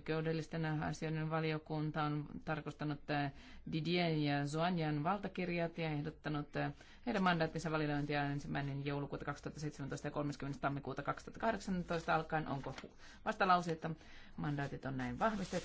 Oikeudellisten asioiden valiokunta on tarkastanut eh, Didier ja Zoanjan valtakirjat ja ehdottanut eh, heidän mandaattinsa validointia ensimmäinen joulukuuta 2017 ja 30. tammikuuta 2018 alkaen. Onko vastalauseita? Mandaatit on näin vahvistettu.